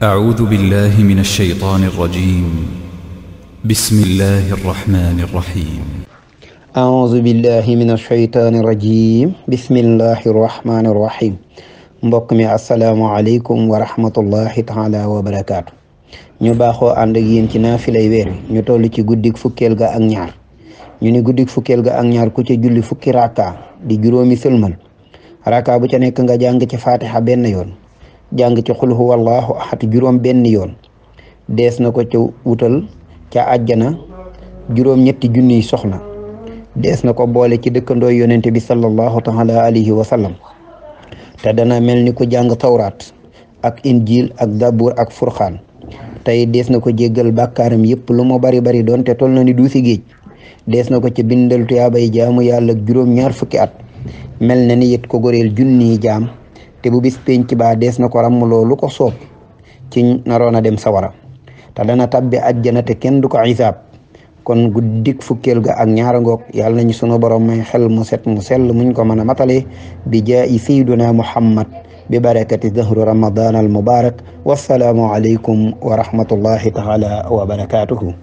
أعوذ بالله من الشيطان الرجيم بسم الله الرحمن الرحيم أعوذ بالله من الشيطان الرجيم بسم الله الرحمن الرحيم mbokk mi asalaamualeykum wa rahmatullahi taala wa barakaatu ñu baaxoo ànd ak yéen ci naafilay weer wi ñu toll ci guddik fukkeel ga ak ñaar ñu ni guddik fukkeel ga ak ñaar ku ca julli fukki raka di juróomi sëlmal raka bu ca nekk nga jàng ci fatiha benn yoon jàng ci xul huwa allahu juróom benn yoon dees na ko ca wutal ca àjjana juróom ñetti junniy soxna dees na ko boole ci dëkkandoo yonente bi sallallahu taala alayhi wa te dana mel ni ku jàng tawraat ak injil ak zabur ak furxaan tey dees na ko jéggal bàkkaaram yépp lu mu bari bari doon te tol na ni duusi géej dees na ko ci bindal tuyaabay jaamu yàlla ak juróom ñaar fukki at mel na ni it ko goreel junniy jaam te bu bis penc ba dees na ko ràmm loolu ko soob ci naroon a dem sawara te dana tabbi àjjana te kenn du ko isaab kon guddik fukkeel ga ak ñaara ngoog yàlla nañu sunu borom may xel mu set mu sell muñ ko mën a matale bi jaayi sayyiduna muhammad bi barakati dahru ramadan al mubarak wassalaamu alaykum wa rahmatullahi taala wa barakatuhu